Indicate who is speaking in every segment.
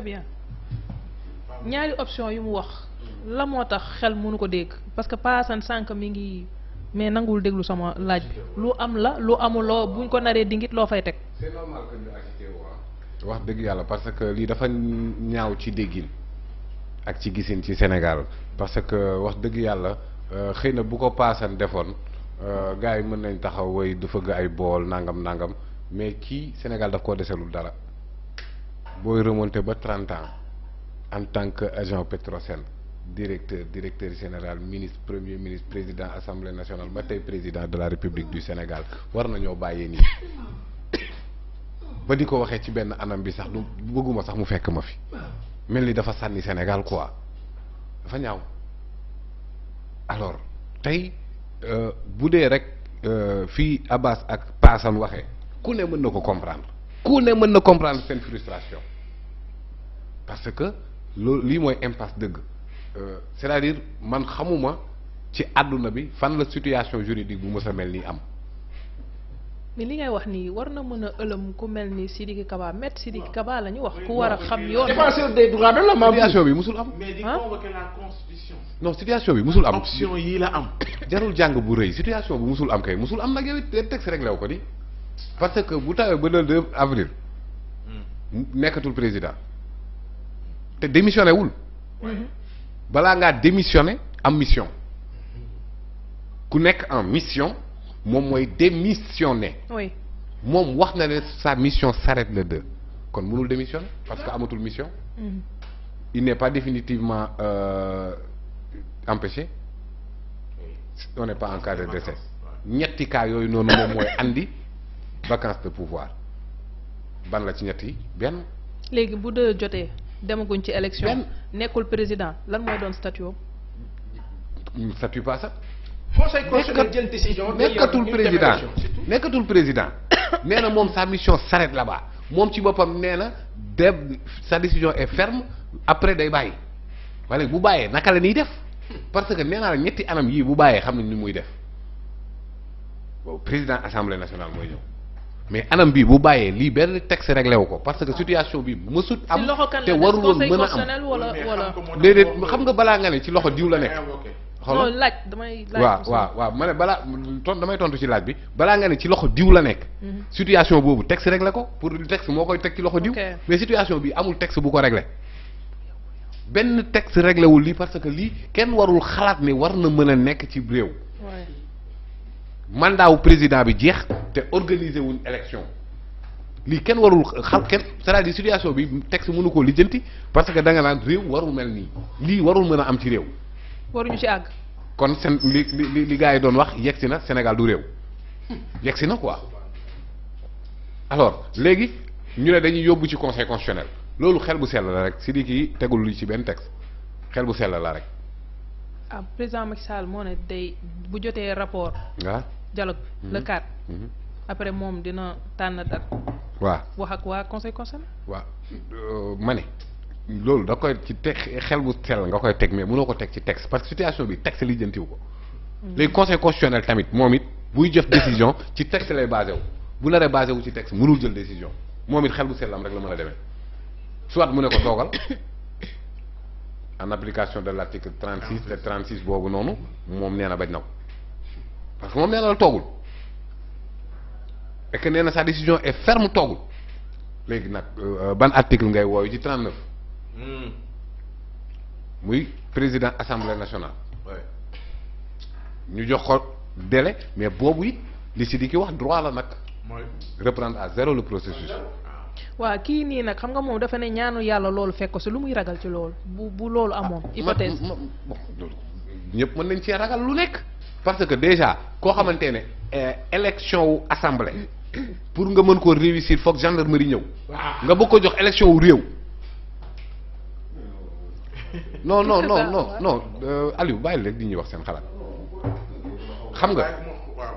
Speaker 1: bien ñaari option yu mu wax la moo tax xel munu ko dégg parce que paasan sànq mu ngi mais nanguwul déglu sama laaj bi lu am la lu amuloo buñ ko naree dingit loo fay teg.
Speaker 2: wax dëgg yàlla parce que lii dafa ñaaw ci déggin ak ci gisin ci Sénégal parce que wax dëgg yàlla euh, xëy na bu ko paasan defoon euh, gars yi mën nañ taxaw way du fëgg ay bool nangam nangam mais kii Sénégal daf koo deselul dara. booy remonté ba trente ans en tant que agent Petrosen directeur directeur général ministre premier ministre président assemblée nationale ba tey président de la république du Sénégal war nañoo bàyyee nii ba di ko waxee ci benn anam bi sax du bëgguma sax mu fekk ma fi mel ni dafa sànni Sénégal quoi dafa ñaaw alors tey euh, bu dee rek euh, fii Abbas ak Paasan waxee ku ne mën na ko comprendre. ku ne mën na comprendre seen frustration parce que loolu lii mooy impasse dëgg euh, cest à man xamuma ci àdduna bi fan la situation juridique bu mës nii am.
Speaker 1: mais li ngay wax nii war na mën a ëlëm ku mel ni Sidiki Kaba maître Sidiki la ñu wax ku xam
Speaker 2: yoon. défenseur des droits de l'homme situation bi musul am. mais di bi musul am. option yii la am. jarul jàng bu rëy situation bi mësul am kay musul am nag yow it texte rek la ko di. parce que bu tawee ba le 2 avril. nekkatul président te démissionné wul. balaa ngaa démissionné am mission. ku nekk en mission moom mooy démissionné. oui moom wax na ne sa mission s'arrête le 2 kon mënul démissionné parce que amatul mission. Hmm. il n'est pas définitivement euh, empêché on n'est pas en cas de décès ñetti cas yooyu noonu moom mooy andi. vacance de pouvoir ban la ci ñetti benn.
Speaker 1: léegi bu dee jotee demaguñ ci élection. nekkul président lan mooy doon statut
Speaker 2: am. ñu statut pas sax.
Speaker 3: conseil constitutionnel jël décision. nekkatul président
Speaker 1: nekkatul
Speaker 2: président nee na moom sa mission s'arrête la baax moom ci boppam nee na de sa décision est ferme après day bàyyi wala bu bàyyee naka la ñuy def parce que nee naa ñetti anam yii bu bàyyee xam nañ ni muy def waaw président assemblée nationale mooy ñëw. mais anam bii bu bàyyee lii benn texte réglé wu ko parce que ah. situation bi mësut am te warul woon mën a
Speaker 1: am déedéet
Speaker 2: xam nga balaa nga ne ci loxo diw la nekk
Speaker 1: ah, xoolal laaj damay laaj waaw
Speaker 2: ma ne balaa ton damay tontu ci laaj bi balaa nga ne ci loxo diw la nekk mhm. situation boobu texte réglé ko pour texte moo koy teg ci loxo diw mais situation bi amul texte bu ko réglé benn texte réglé wul parce que lii kenn warul xalaat ne war na mën a nekk ci réew mandat wu président bi jeex te organiser wuñ élection lii kenn warul xam kenn cest à situation bi texte mënu ko lijjanti parce que da nga naan réew warul mel nii lii warul mën a am ci réew. waruñu ci àgg. kon seen li li li gars yi doon wax yegsi na Sénégal du réew yegsi na quoi alors léegi ñu ne dañuy yóbbu ci conseil constitutionnel loolu xel bu sell rek si di kii tegul lu ci benn texte xel bu sell la rek.
Speaker 1: ah président Macky Sall moo ne tey bu jotee rapport. waaw ah. dialogue le 4. Mhm. après moom dina tànn date. waa wax ak waa conseil concerné.
Speaker 2: waaw euh, ma ne. loolu da koy ci teg xel bu sell nga koy teg mais mënoo ko teg ci texte parce que situation bi texte li jëntiwu ko. Mm. léegi conseil constitutionnel tamit moom it buy jëf décision ci texte lay basé wu bu naree basé wu ci texte mënul jël décision moom it xel bu sellam rek la mën a demee soit mu ne ko toogal en application de l' article 36 te 36 boobu noonu moom nee bañ naw ko parce que moom nee toogul. et que nee na sa décision est ferme toogul léegi nag euh, ban article ngay wooyu ci 39. Hmm. muy président assemblée nationale. ñu jox ko délai mais boobu it li si di ki wax droit la nag. mooy reprendre à zéro le processus. Ah.
Speaker 1: waaw kii nii nag xam nga moom dafa ne ñaanu yàlla loolu fekk ko si lu muy ragal ci loolu bu bu loolu ah, amoon. hypothèse
Speaker 2: ñëpp mën nañ cee ragal lu nekk. parce que déjà koo xamante ne euh, élection wu assemblée. pour nga mën koo réussir foog gendarmerie ñëw. nga bëgg ko jox élection wu réew.
Speaker 3: non non non non
Speaker 2: non euh, bàyyi rek di ñuy wax seen xalaat xam nga.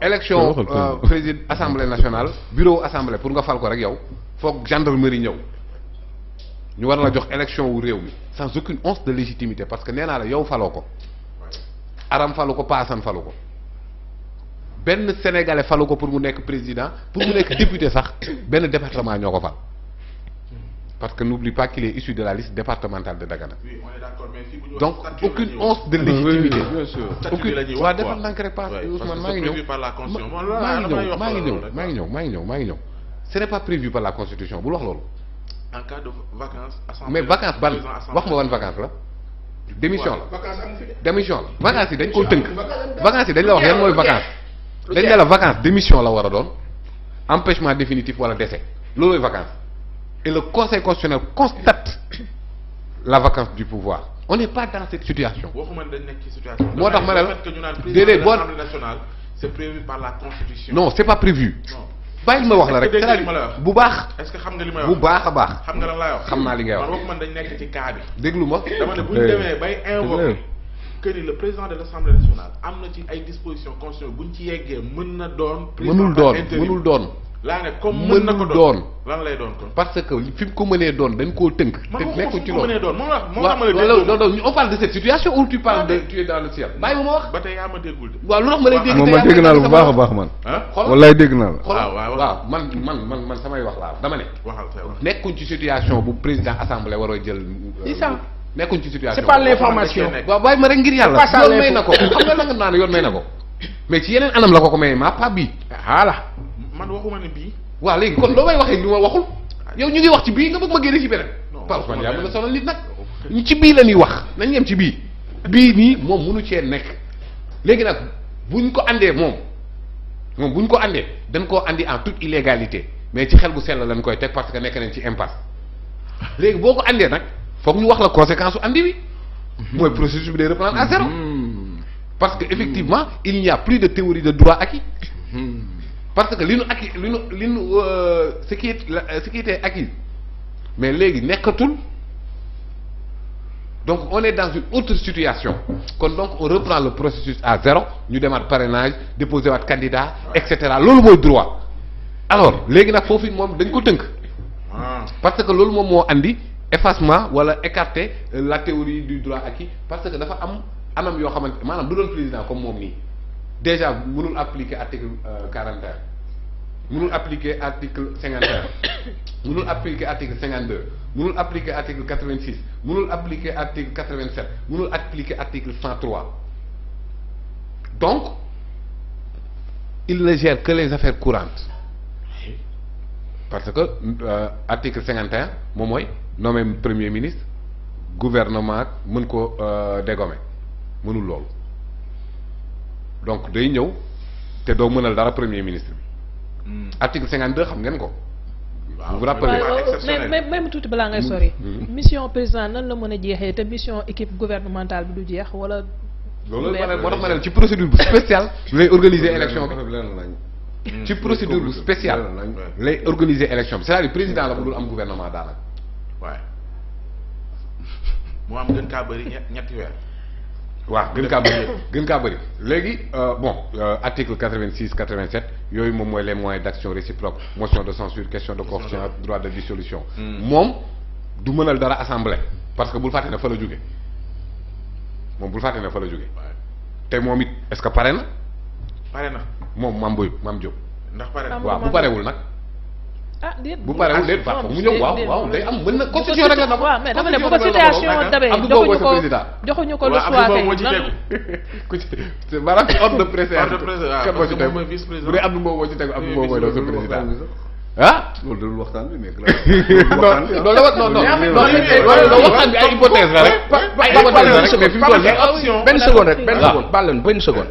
Speaker 2: élection euh, président assemblée nationale bureau assemblée pour nga fal ko rek yow foog gendarmerie ñëw ñu war na jox élection wu réew mi sans aucune once de légitimité parce que nee naa la yow faloo ko. Aram falu ko Paasan falu ko. benn sénégalais falu ko pour mu nekk président pour mu nekk député sax benn département ñoo ko fal parce que n'oublie pas qu'il est issu de la liste départementale de Dagana.
Speaker 4: oui on est d'accord mais si donc aucune once de légitimité. oui bien
Speaker 2: sûr aucune waaw defal nank rek paas Ousmane maa ngi ñëw maa ngi ñëw maa ngi ñëw maa ngi ñëw maa ngi ñëw maa ngi ñëw ce n'est pas prévu par la constitution bul wax loolu.
Speaker 4: en cas de vacances. mais vacances ban wax ma wan vacance la. démission la
Speaker 2: démission la. vacances yi dañ koo tënk. vacances yi dañ la wax yan mooy vacances. dañ ne la vacance démission la war a doon empêchement définitif wala décès loolooy vacance et le conseil constitutionnel constate la vacance du pouvoir on n'est pas dans cette situation. moo
Speaker 4: tax ma ne la déedéet boo non c'est
Speaker 2: pas prévu. bàyyil ma wax la rek bu
Speaker 4: baax. est-ce que xam nga li bu baax a baax. xam nga lan xam naa li ngay wax nekk ci cas bi. déglu ma dama demee bay invoqué. que ni le président de l' assemblée nationale am na ci ay dispositions bu ñu ci yeggee mën na doon. président par intérim mënul doon mënul doon. laa ne na ko doon lan lay doon kon.
Speaker 2: parce que fi mu ko mënee doon dañ koo tënk. te nekkul ci loolu ma ma ma doon on parle de cette situation ou tu parles de
Speaker 4: tu es dans le ciel bàyyi ma wax. ba tey yaa ma déggul de. waaw lu tax ma lay dégg
Speaker 2: moom man bu baax a baax man. xool wallaay dégg naa la. waaw waaw man man man samay wax laa dama ne. waxal ci situation bu président assemblée waroo euh, nekkuñ ci situation. c'est pas l'information waaw bàyyi ma rek ngir yàlla. yoon may na ko xam nga nangam naa ne yoon may na ko. ci yeneen anam la ko ko may maa pas bii. voilà. man waxuma ne bii. waaw léegi kon loo may waxee ñu ma waxul. yow ñu ngi wax ci bii nga bëgg ma génne ci beneen. Pape Ousmane yaa mën a sonal nit nag. ci bii la ñuy wax nañ yem ci bii. bii nii moom ci cee nekk. léegi nag buñ ko àndee moom moom buñ ko andee dañ koo andi en toute illégalité mais ci xel bu sell lañ koy teg parce que nekk nañ ci impasse léegi boo ko andee nag foog ñu wax la conséquence su andi wi. Mhm. mooy processus bi day reprendre à zéro. Mhm. parce que effectivement il n'y a plus de théorie de droit acquis. Mhm. parce que li nu acquis li nu li nu euh, ce qui ak ce mais léegi nekkatul donc on est dans une autre situation kon donc on reprend le processus à zéro ñu demaat parrainage déposer waat candidat et cetera loolu mooy droit alors léegi nag foofu moom dañ ko tënk. Ah. parce que loolu moom moo indi effacement wala écarter euh, la théorie du droit acquis parce que dafa am anam yoo xamante maanaam du doon président comme moom nii déjà mënul appliquer article euh, quarante et un mënul appliquer article cinquante et un mënul appliquer article cinquante deux mënul appliquer article quatre vingt six mënul appliquer article quatre vingt sept mënul appliquer article donc il ne gère que les affaires courantes parce que euh, article cinquante mooy nommé premier ministre gouvernement ak mën ko euh, dégommer mënul loolu donc day ñëw te doo mënal dara premier ministre bi. Hmm. article cinquante deux xam ngeen ko. vous vous tuuti balaa ngay hmm. sori. Hmm.
Speaker 1: mission président nan la mën a jeexee te mission équipe gouvernementale bi du jeex wala. loolu la
Speaker 2: moo tax ma ne ci procédure bu spéciale lay organiser élection bi ci procédure bu spéciale lay organiser élection bi c'est-à-dire président la bu dul am gouvernement daanaka. waaye
Speaker 4: moo am gën kaa bëri ñetti weer.
Speaker 2: waa gën kaa bëri gën kaa bëri léegi euh, bon euh, article quatre vingt six quatre vingt sept yooyu moom mooy les moyens d' action réciproque motion de censure question de confiance droit de dissolution. Hmm. moom du mënal dara assemblée. parce que bul fàtte na fa la jóge moom bul fàtte na fa la jóge te moom it est ce que pare na. pare na moom maam Boy maam Diop.
Speaker 4: ndax pare na waaw bu
Speaker 2: parewul nag.
Speaker 3: ah déet bu parewul déet par
Speaker 2: mu ñëw waaw waaw day am mën na constitution rek la waaw
Speaker 3: mais dama ne bu ko
Speaker 1: situation dabee joxuñu ko joxuñu ko le choix tey lan
Speaker 2: ku ci maanaam ci ordre de présidence kan moo ci tegu bu dee Abdou Mbow moo ci tegu Abdou Mbow mooy doon sa président ah loolu dul waxtaan bi mais non non non non waxtaan bi ay hypothèse la rek ay hypothèse la rek mais fi mu toll nii benn seconde rek benn seconde
Speaker 3: bàlleen benn seconde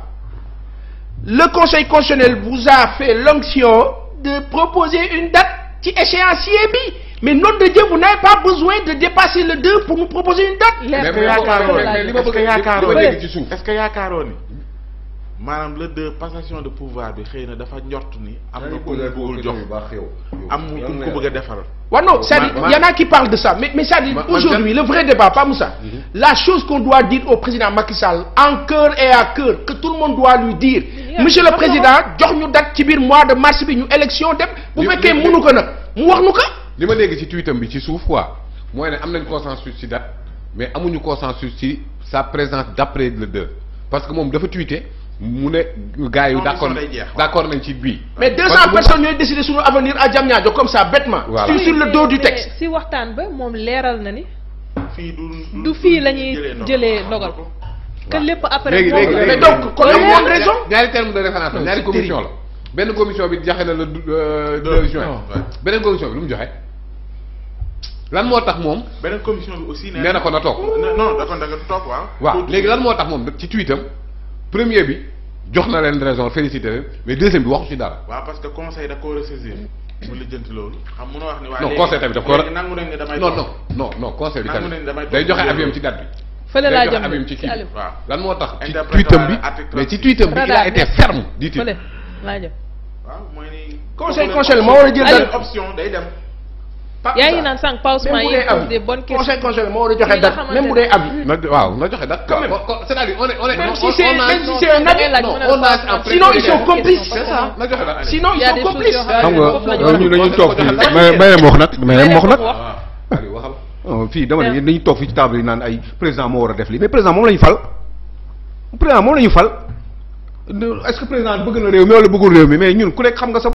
Speaker 3: le conseil constitutionnel vous a fait l'onction de proposer une date ci échéancier bi mais nom de Dieu vous n'avez pas besoin de dépasser le 2 pour nous proposer une date. mais est-ce que
Speaker 4: yaakaaroon est-ce que le 2 passation de pouvoir bi xëy na dafa njort ni. am na ku bëggul jox am na ku a defaral. waaw non a
Speaker 3: qui parlent de ça mais mais c'est-à-dire aujourd'hui le vrai débat pas Moussa. Mhm. la chose qu'on doit dire au président Macky en cœur et à cœur que tout le monde doit lui dire. monsieur le président jox ñu date ci biir mois de mars bi ñu élection dem bu fekkee mënu ko nag mu wax nu ko li ma léegi ci tweetam
Speaker 2: bi ci suuf quoi mooy ne am nañ consensus ci date mais amuñu consensus ci sa présence d'après le deux parce que moom dafa tweeté mu ne gars yi d'accord d'accord
Speaker 3: nañ ci bii mais deux cent personnes ñooy décider suñu avenir à Diamniadio comme ça bêtement voilà sur le dos du texte
Speaker 1: si waxtaan ba moom leeral na ni fii du fii la ñuy jëlee dogal que lépp après. léegi léegi donc kon am raison.
Speaker 2: ñaari terme de référence la ñaari commission la. benn commission bi joxe na le euh, deux juin. commission bi lu mu joxe.
Speaker 4: lan moo tax moom. beneen commission bi aussi. nee na ko na toog
Speaker 2: waaw. léegi lan moo tax moom ci tweetam premier bi jox na leen raison félicité leen mais deuxième bi waxu ci dara. non non non conseil day joxe avis ci date bi. fële laa jëm
Speaker 4: moo tax. interprétation bi mais ci tweetam bi il a été ferme. dit fële laa jëm. waaw mooy ni. conseil conseil moo war a jël dara option day dem. yaa ngi
Speaker 1: naan sànq Pao Ousmane yi pose des
Speaker 3: bonnes questions conseil conseil moo
Speaker 1: war a
Speaker 2: joxe date même bu dee si c'est même si c'est un avis non on a sinon ils sont joxe date
Speaker 4: sinon ils sont complices. xam
Speaker 3: non fii dama ne dañuy toog fii ci table yi naan ay président moo war a def lii mais président moom la fal président moom la fal
Speaker 1: est-ce que président bëgg
Speaker 2: na réew mi
Speaker 3: wala bëggul réew
Speaker 1: mi mais ñun ku nekk xam nga sa